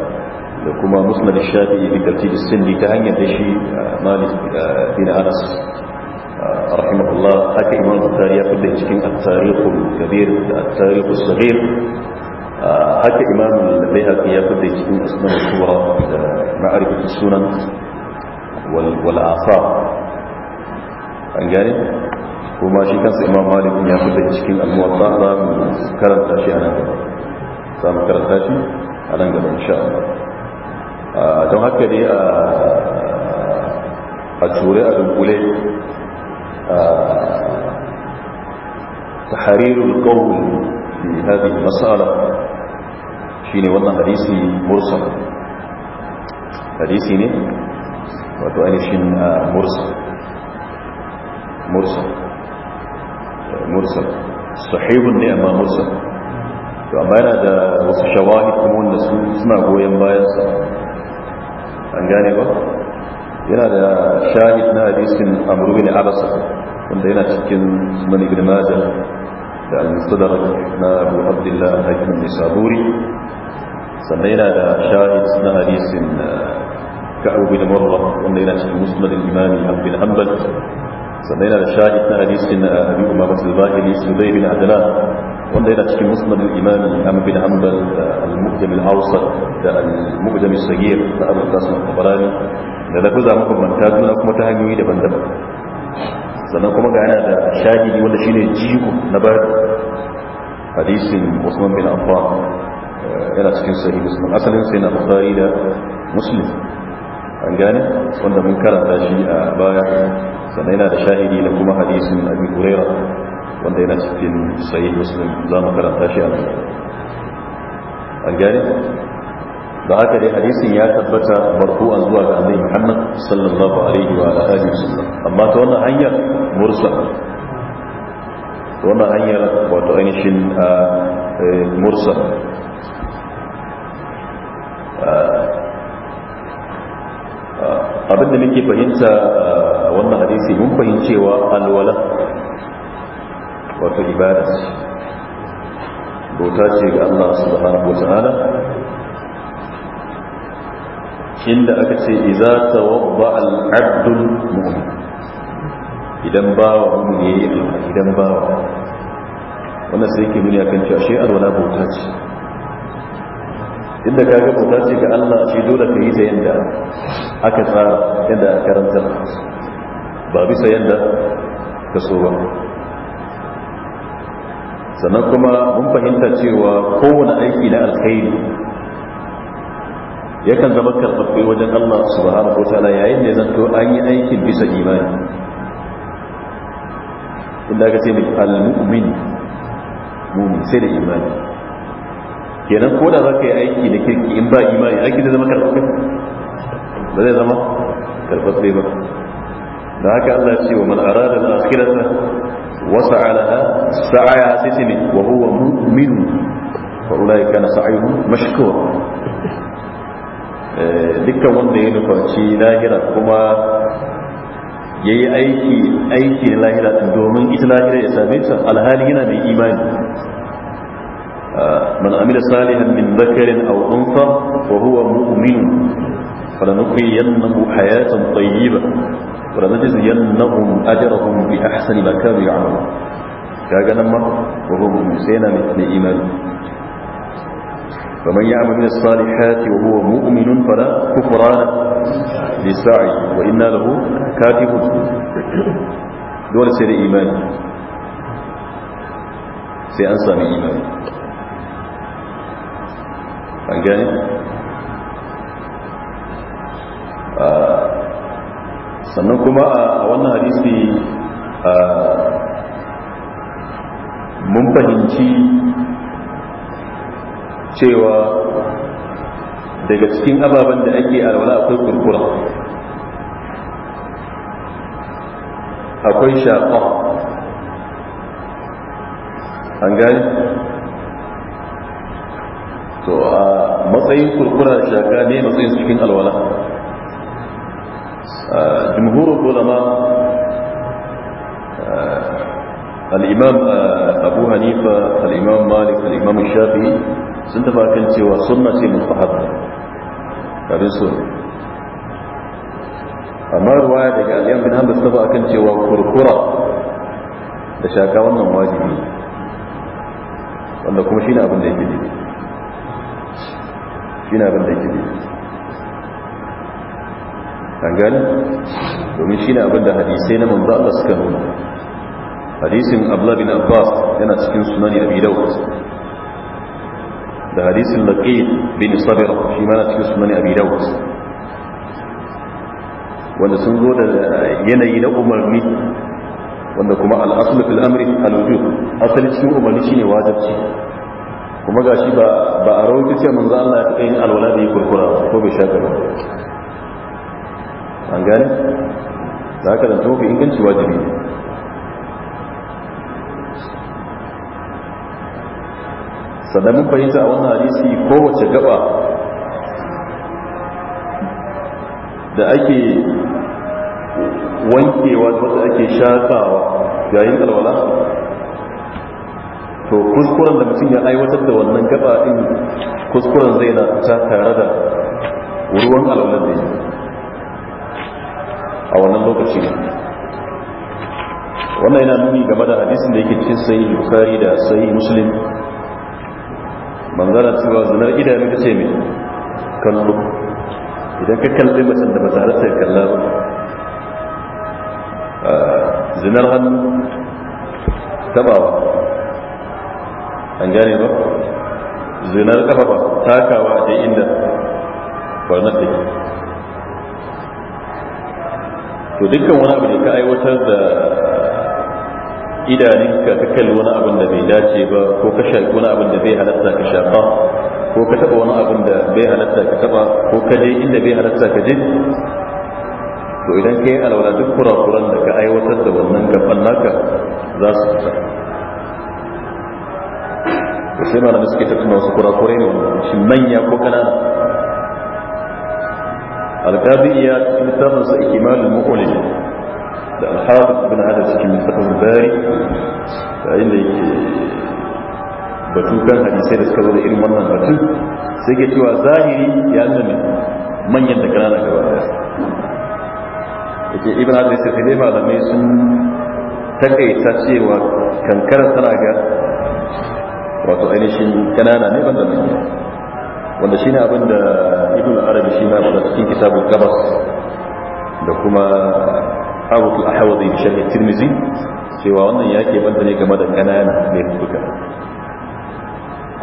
لكما مسلم الشافعي في ترتيب السن كهنية شيء مالك بن أنس رحمه الله هكا إمام الثاني يأخذ شكين التاريخ الكبير التاريخ الصغير هكا إمام البيهقي يأخذ شكين اسم الكبرى معرفة السنن والآثار فهمت kuma shi kansa imam malikin ya fita cikin almuwatta za mu karanta shi a nan gaba za mu karanta shi a nan gaba insha Allah don haka dai a ture a dunkule تحرير القول في هذه المسألة شيني والله حديثي مرسل حديثي ne wato ainihin mursal mursal mursal sahihun ne amma mursal to amma yana da wasu shawahid kuma wanda suna goyon bayansa an gane ba yana da shahid na hadisin amru bin abasa wanda yana cikin sunan ibn majah da al-mustadrak na abu abdullah hakim nisaburi sannan yana da shahid na hadisin uh, ka'ab bin marra wanda yana cikin musnad al abu bin hanbal sannan yana da shahid na hadisin abi umama al-bahili sudai bin adlan wanda yana cikin musnad al-imam Ahmad bin Hanbal al-Muqaddam al-Awsat da al-Muqaddam al-Saghir da Abu Qasim al-Tabarani da lafaza manta juna kuma ta hanyoyi daban-daban sannan kuma ga yana da shahidi wanda shine jigo na bayar hadisin Usman bin Affan yana cikin sahih Usman asalin sai na Bukhari da Muslim an gane wanda mun karanta shi a baya sannan yana da shahidi da kuma hadisin abi huraira wanda yana cikin sahih muslim za mu karanta shi a nan an gane da haka dai hadisin ya tabbata marfu'an zuwa ga annabi Muhammad sallallahu alaihi wa alihi wasallam amma ta wannan hanyar mursal wannan hanyar wato ainihin eh, mursal ah, Abin da muke fahimta uh, wannan hadisi mun fahimcewa alwala wato ibada bauta ce ga Allah subhanahu wata'ala inda aka ce iza tawadda al-abdul mu'min idan ba wa mu'min yayi alwala idan wa. wannan sai ke nuni akan cewa shi alwala bauta ce inda ka ga bauta ce ga Allah shi dole ka yi ta yadda aka tsara yadda karanta ba bisa yadda ka so ba sannan kuma mun fahimta cewa kowane aiki na alkhairi yakan zama karɓaɓɓe wajen Allah subhanahu wa yayin da zanto an yi aikin bisa imani inda ka ce mai al-mu'min mumin sai da imani kenan ko da za yi aiki da kirki in ba imani aiki zai zama karfafe ba zai zama karfafe ba da haka Allah ce wa man arada al-akhirata wa sa'alaha sa'aya sitini wa huwa mu'min fa ulai kana sa'yuhum mashkur eh, dukkan wanda ya nufaci lahira kuma yayi aiki aiki lahira domin ita lahira ya same ta alhali yana mai imani من عمل صالحا من ذكر أو أنثى وهو مؤمن فلنقينه حياة طيبة ولنجزينهم أجرهم بأحسن ما كانوا يعملون كاغا نما وهو مؤمن سينا مثل إيمان فمن يعمل من الصالحات وهو مؤمن فلا كفران لسعي وإنا له كاتب دول سيد إيمان سيأنسى من إيمان an gani ah, sannan kuma ah, a wannan hadisi ah, mun fahimci cewa daga cikin ababen da ake alwala akwai kurkura akwai shaƙa an gani to a matsayin kurkura da shaka ne matsayin cikin alwala jimhurin ulama al'imam abu hanifa al'imam malik al'imam shafi sun taba kan cewa sunna ce mustahab abin sun amma ruwaya daga al'yan bin hamdu taba kan cewa kurkura da shaka wannan wajibi wanda kuma shi ne abin da yake daidai shi na abin da yake an gani domin shi na abin da hadisai na manzo Allah suka nuna hadisin abla bin abbas yana cikin sunani abi dawud da hadisin laqid bin sabir shi ma na cikin sunani abi dawud wanda sun zo da yanayi na umarni wanda kuma al'asul fil amri al-wujub asali cikin umarni shine wajibi kuma ga shi ba a rawar mun manzo Allah ya taɓa yin alwala da yi kurkura ko bai shaƙa ba an gane za ka zan tofi inganci wajibi ne sannan mun fahimta a wannan hadisi kowace gaba da ake wankewa da wadda ake shakawa yayin alwala to kuskuren da mutum ya aiwatar da wannan gaba din kuskuren zai na ta tare da ruwan alaunar da a wannan lokaci wannan yana nuni game da hadisin da yake cikin sayi bukari da sayi muslim bangaren cewa zinar idanu ta ce mai kallo idan ka kalli macen da ba ta kalla ba ah, zinar hannu tabawa an gane ba zinar kafa ba takawa da inda barnar da ke to dukkan wani abu da ka aiwatar da idaninka ka kalli wani abin da bai dace ba ko ka shaƙi wani abin da bai halatta ka shafa ko ka taɓa wani abin da bai halatta ka taɓa ko ka je inda bai halatta ka je to idan ka yi alwala duk kurakuran da ka aiwatar da wannan gaban naka za su fita sai malamai suke tattuna wasu kurakure ne shi manya ko kanana alƙadi iya cikin tsarin sa ikimalin mu'ulil da alhafiz ibn hajar cikin fatahul bari da inda yake batu kan hadisai da suka zo irin wannan batun sai ke cewa zahiri ya nuna manyan da kanana gaba daya yake ibn hajar sai dai malamai sun takaita cewa kankara tana ga wato ainihin kanana ne banda manya wanda shi ne abin da ibn arabi shi ma da cikin kitabun gabas da kuma abutul ahawazi da sharhi tirmizi cewa wannan ya ke banta ne game da kanana ne duka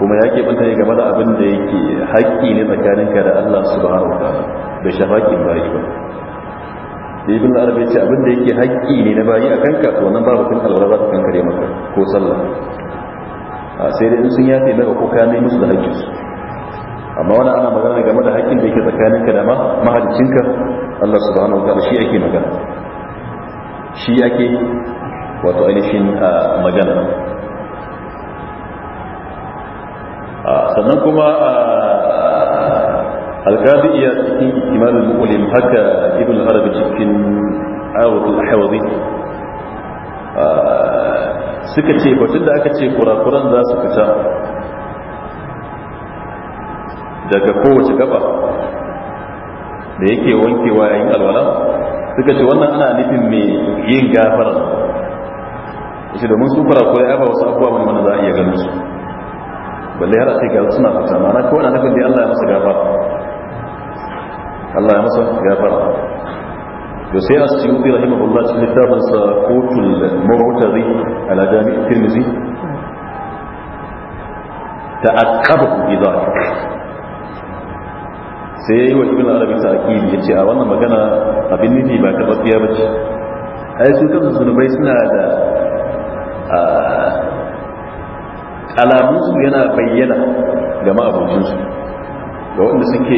kuma ya ke banta ne game da abin da yake haƙƙi ne tsakaninka da Allah subhanahu wa ta'ala bai shafaƙin bayi ba ibn arabi ya ce abin da yake haƙƙi ne na bayi a kanka wannan ba mutum alwala za ta kankare maka ko sallah sai dai sun yafe maka ko ka nemi musu da haƙƙinsu amma wani ana magana game da haƙƙin da yake tsakaninka da mahalicinka Allah subhanahu wa ta'ala shi ake magana shi ake wato ainihin magana sannan kuma alkazi iya cikin imanin mukulim haka ibn arabi cikin awatul hawazi suka ce batun da aka ce kurakuran za su fita daga kowace gaba da yake wankewa yayin alwala suka ce wannan ana nufin mai yin gafara shi domin su kurakurai ya ba wasu abuwa wani mana za a iya ganin su balle har a ce ga suna fita mana kawai na nufin da Allah ya masa gafara Allah ya masa gafara to sai رحمه الله bi rahimahullah cikin littafin على جامع mu'tari تأكبه بذلك tirmizi ta akabu bi zalik sai yayi wa ibn arabi ta akili yace a wannan magana abin nufi ba ta bakiya bace ai su kansu zunubai suna da alamunsu yana bayyana ga ma'abocinsu ga wanda suke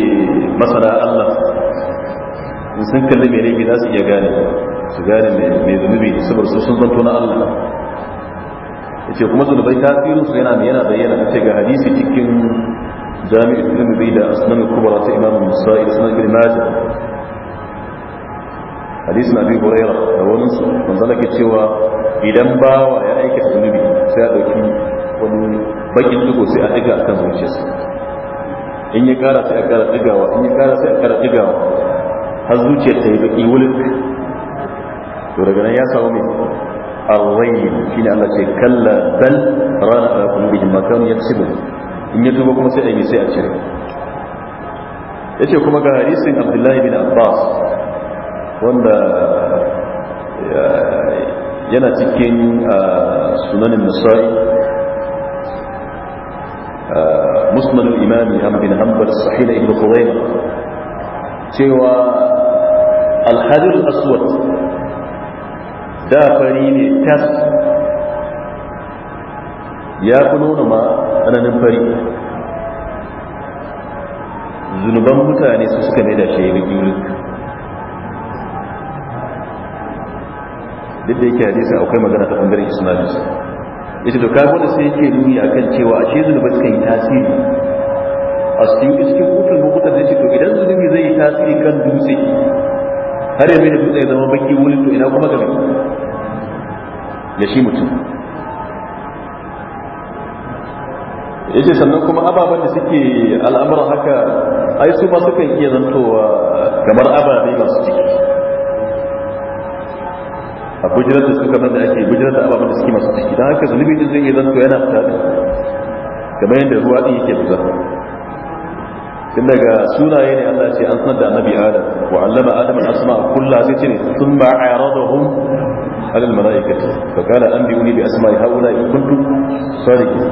masana Allah in sun kalli mai laifi za su iya gane su gane mai zunubi saboda su sun zanto na Allah ya ce kuma zunubai su yana yana bayyana a ce ga hadisi cikin jami'in zunubi da asnan kubra ta imam musa'i da sunan ibn majah hadisi na abi huraira da wani su manzala ke cewa idan bawa ya aika zunubi sai a dauki wani bakin dugo sai a daga akan zuciyarsa in ya kara sai a kara digawa in ya kara sai a kara digawa har zuciyar ta yi baki wulin to daga nan ya samu mai arrayin shi ne Allah ce kalla bal rana a kuma bijin makamu ya ci in ya tuba kuma sai a yi sai a cire ya ce kuma ga hadisin abdullahi bin abbas wanda yana cikin sunanin nasa'i musnadul imami ahmad bin hanbal sahih ibn khuzaimah cewa alhajar aswad da fari ne tas ya fi nuna ma tsananin fari zunuban mutane su suka mai da shi rigirik duk da yake hadisa akwai magana ta ɓangaren ismailus ya ce to kago da sai yake nuni akan cewa a ce zunuba suka yi tasiri asiyuti cikin kutun hukutar da ce to idan zunubi zai yi tasiri kan dutse har yanzu da dutse zama baki wulin to ina kuma ga ya shi mutum ya ce sannan kuma ababen da suke al'amuran haka ai su ma kan iya zantowa kamar ababe masu ciki a bujirar da suka da ake bujirar da ababen da suke masu ciki don haka zunubi din zai iya zanto yana fita kamar yadda ruwa ɗin yake fita tun daga sunaye ne Allah ce an sanar da annabi Adam wa allama Adam al-asma kullu sai ce thumma a'radahum ala al-mala'ikati fa an biuni bi asma'i haula in kuntum sadiqin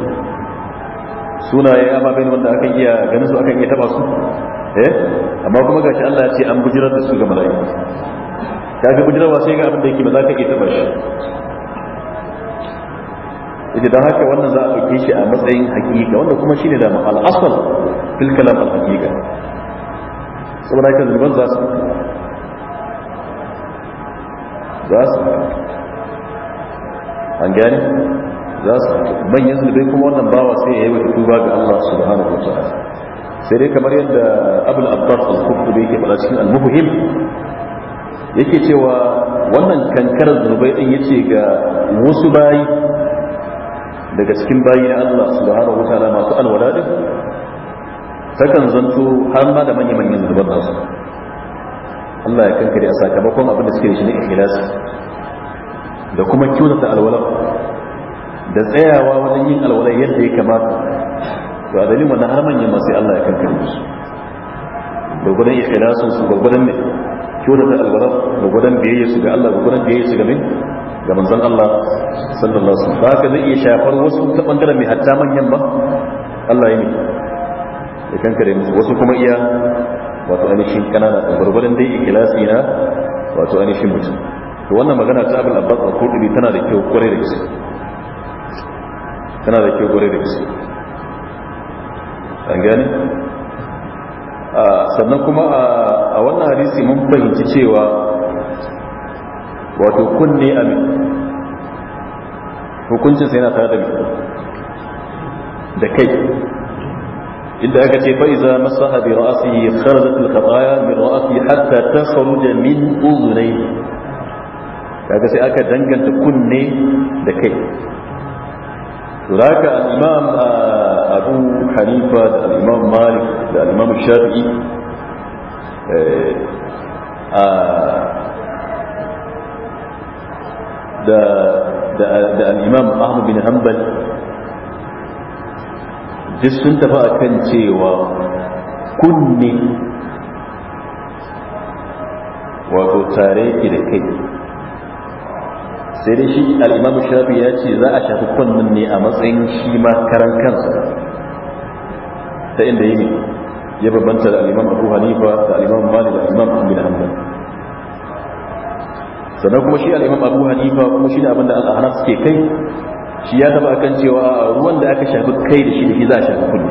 sunaye amma ababen wanda aka iya ganin su aka iya taba su eh amma kuma gashi Allah ya ce an bujirar da su ga ta kaga bujirarwa sai ga abin da yake ba za ka iya taba shi ita don haka wannan za a ɗauke shi a matsayin hakika wanda kuma shine da al'asal tilka la fal haqiqa saboda haka zunuban za su za su an gane za su manyan zunubai kuma wannan bawa sai ya yi wata tuba ga Allah subhanahu wa ta'ala sai dai kamar yadda abul abbas al-kufi yake fara cikin al-muhim yake cewa wannan kankar zunubai din yace ga wasu bayi daga cikin bayi na Allah subhanahu wataala masu alwala din takan zanto har ma da manya-manyan zubar nasu Allah ya kankare a sakamakon abin da suke da shi na ikhlasi da kuma kyautata alwala da tsayawa wajen yin alwala yadda ya kamata to a dalilin wannan har manyan masu Allah ya kankare su gwagwadon ikhlasin su gwagwadon ne kyautata alwala gwagwadon biyayya su ga Allah gwagwadon biyayya su ga min ga manzon Allah sallallahu alaihi wasallam ba ka zai iya shafar wasu ta bangaren mai hatta manyan ba Allah ya ne da kankare musu wasu kuma iya wato ainihin kanana gwargwadon dai ikilasi na wato ainihin mutum to wannan magana ta abin abbas a kudubi tana da kyau kwarai da gaske tana da kyau kwarai da gaske an gane sannan kuma a wannan hadisi mun fahimci cewa wato kunne amin hukuncinsa yana tare da da kai inda aka ce fa iza masaha bi ra'sihi kharajat al khataya min ra'sihi hatta takhruja min udhunayhi kaga sai aka danganta kunne da kai zaka al-imam abu hanifa da al-imam malik da al-imam shafi'i da da al-imam ahmad bin hanbal duk sun tafi akan cewa kunne wato tare ki da kai sai dai shi al'imamu shafi ya ce za a shafi kunnen ne a matsayin shi ma karan kansa ta inda yi ya babanta da al'imam abu hanifa da al'imam mali da al'imam abin hanbal sannan kuma shi al'imam abu hanifa kuma shi ne abinda al'ahana suke kai shi ya taba akan cewa ruwan da aka shafi kai da shi da shi za a shafi kullu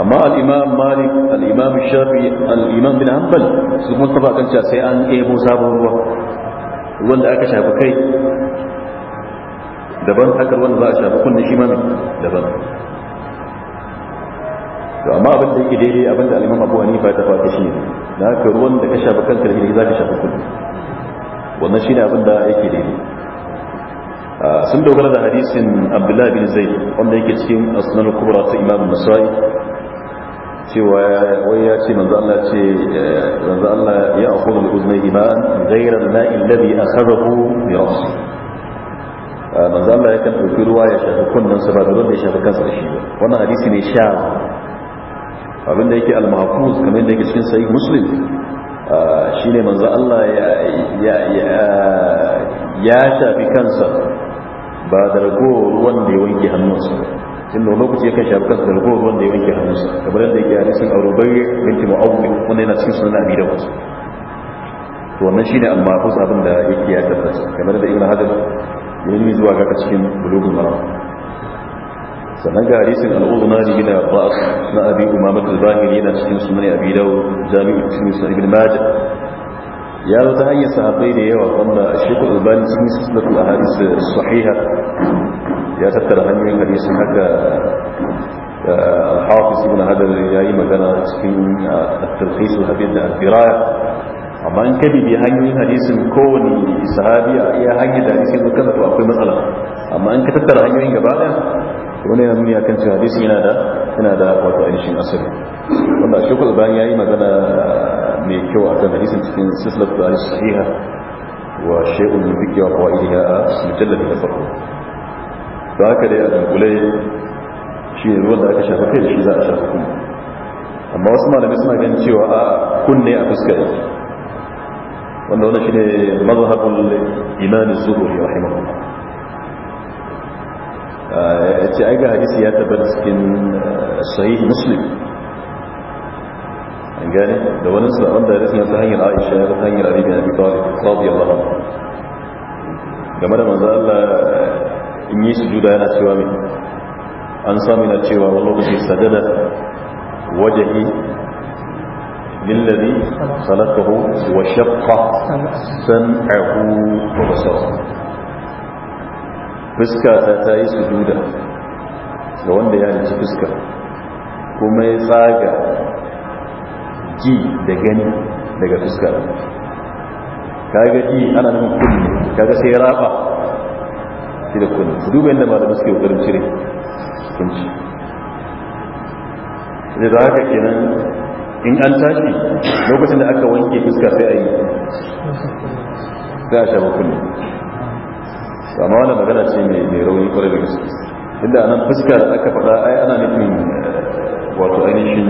amma al-imam malik al-imam shafi al bin hanbal su kuma taba akan cewa sai an ebo sabon ruwa ruwan da aka shafi kai daban haka ruwan da za a shafi kullu shi ma daban to amma abin da yake daidai abin da al-imam abu hanifa ta fata shi ne da haka ruwan da ka shafi kanka da shi za ka shafi kullu wannan shi ne abin da yake daidai sun dogara da hadisin abdullahi bin zai wanda yake cikin asnan kubra ta imam nasai cewa wai ya ce manzo Allah ce eh, manzo Allah ya akhudhu bi udnayhi iman. ghayra al-ma'i alladhi akhadahu bi ra'si eh, manzo Allah ya kan dauki ruwa ya shafi kunnan sa ba da wanda ya shafi kansa da shi wannan hadisi ne sha abinda yake al-mahfuz kamar yadda yake cikin sahih muslim eh, shine manzo Allah ya ya shafi kansa ba da ragowar ruwan da ya wanke hannunsa inda lokaci ya kai shafi kansa da ragowar ruwan da ya wanke hannunsa kamar yadda yake hadisin auro bayye binti mu'awwi wanda yana cikin sunan abi dawud to wannan shine amma fa abin da yake ya tabbata kamar yadda ibnu hajar ya yi zuwa ga cikin bulugul maram sannan ga hadisin al'udu na gina ba'as na abi umama al-bahiri yana cikin sunan abi jami'in jami'u tirmidhi ibn majah ya zo ta hanyar sahabbai da yawa wanda shekul albani sun yi sulatul ahadis sahiha ya tattara hanyoyin hadisin haka al-hafiz ibn hadar ya yi magana cikin at-tarhis da al-firaya amma in kabi bi hanyoyin hadisin kowane sahabi a iya hanyar da hadisin da kansa to akwai matsala amma in ka tattara hanyoyin gaba daya wani yana nuni akan cewa hadisin yana da yana da wato ainihin asali wanda shekul albani ya yi magana mai kyau a kan hadisin cikin silsilar da sahiha wa shay'un min fiqhi wa qawaidiha mujallad da farko to haka dai a dunkule shi ne ruwan da aka shafa kai da shi za a shafa kuma amma wasu malami suna ganin cewa a kunne a fuskar wanda wannan shine mazhabul imam az-zuhri rahimahullah ya ce ai ga hadisi ya tabbata cikin sahih muslim an gane da wani su an da ya ta hanyar aisha ya ta hanyar alibi na bitali radiyallahu anhu game da manzo Allah in yi sujuda yana cewa mai an sami na cewa wani lokaci sajada wajahi lillazi khalaqahu wa shaqqa sam'ahu wa basarahu fuska ta ta yi sujuda ga wanda ya halicci fuska kuma ya tsaga ji da gani daga fuskar kaga ji ana nan kunne kaga sai raba shi da kunne su duba inda malamu suke kokarin cire kunci da za haka kenan in an tashi lokacin da aka wanke fuskar sai a yi za a shafa kunne amma wannan magana ce mai rauni kwarai da gaske inda nan fuskar da aka faɗa ai ana nufin wato ainihin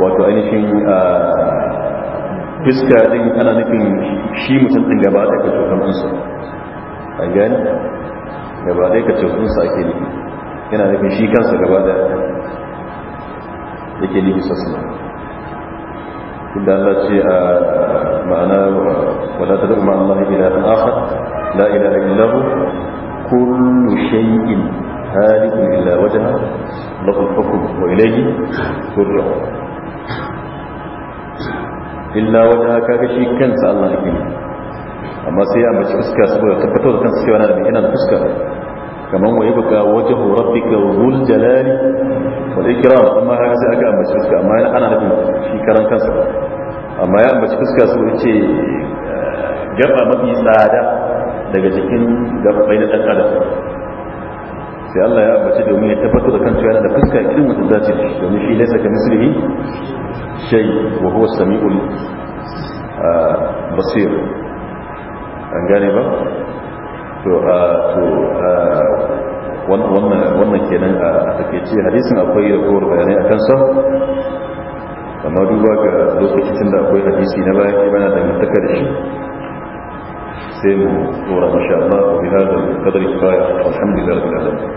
wato ainihin ah, fiska din ana nufin shi mutum din gaba ɗaya ka cokan ɗinsa a gani gaba ɗaya ka cokan ɗinsa ake nufi yana nufin shi kansa gaba ɗaya yake nufi sassana tunda Allah ce a ah, ma'ana wala ta da'u Allah Allah ila an asa la ilaha illahu kullu shay'in halikun illa wajha lahu al-hukm wa ilayhi turja'un illa wajen kaga shi kansa Allah yake ne amma sai ya mace fuska saboda tabbatar da kansa cewa na da ina da fuska kaman wa yabqa wajhu rabbika dhul jalali wal ikram amma haka sai aka ambaci fuska amma ana nufin shi karan kansa amma ya ambaci fuska so yace eh, gaba mafi tsada daga cikin gaba na dan adam sai Allah ya ambaci domin ya tabbatar da kansa yana da fuska irin wata zaci domin shi laysa ka mislihi shai wa huwa sami'ul basir an gane ba to to wannan kenan a takaice hadisin akwai ragowar bayanai a kansa amma duba ga lokacin da akwai hadisi na baya ibana da mutaka da shi sai mu tsora masha Allah wa bihadar kadar kifaya alhamdulillah rabbil alamin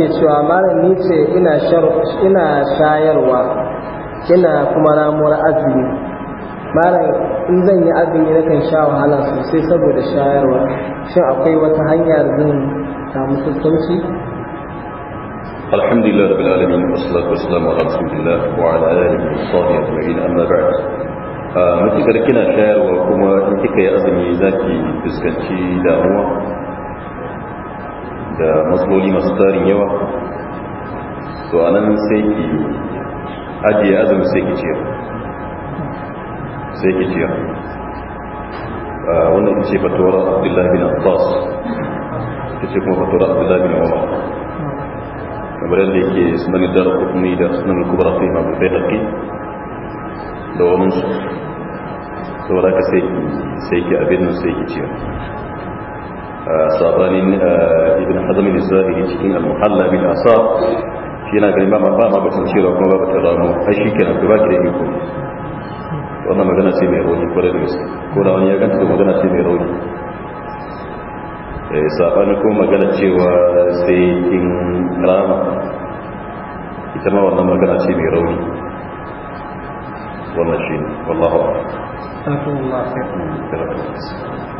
yake cewa mara ni ce ina shayarwa ina kuma ramuwar azumi mara in zan yi azumi na kan sha wahala sosai saboda shayarwa shin akwai wata hanya zan samu sassauci الحمد لله رب العالمين والصلاة والسلام على رسول الله وعلى آله وصحبه أجمعين أما بعد mutukar kina shayarwa kuma in kika yi azumi za ki fuskanci damuwa da matsaloli masu tarin yawa to a nan sai ki ajiye azumi sai ki ciyar sai ki ciyar wannan ce fatowar abdullahi bin abbas ta ce kuma fatowar abdullahi bin umar kamar yadda yake sunan dar hukumi da sunan kubra fi ma bai haƙi da wani su saboda ka sai ki abin nan sai ki ciyar sabanin eh, ibn hazamin zahiri cikin al-muhalla bil asab shi yana ganin ba ma ba ma cewa kuma ba ta ramu ai shi kenan ku ba ki da iko wannan magana ce mai rauni kwarai da gaske ko da wani ya ganta magana ce mai rauni eh, sabanin kuma magana cewa sai kin rama ita ma wannan magana mai rauni wannan shi ne a'lam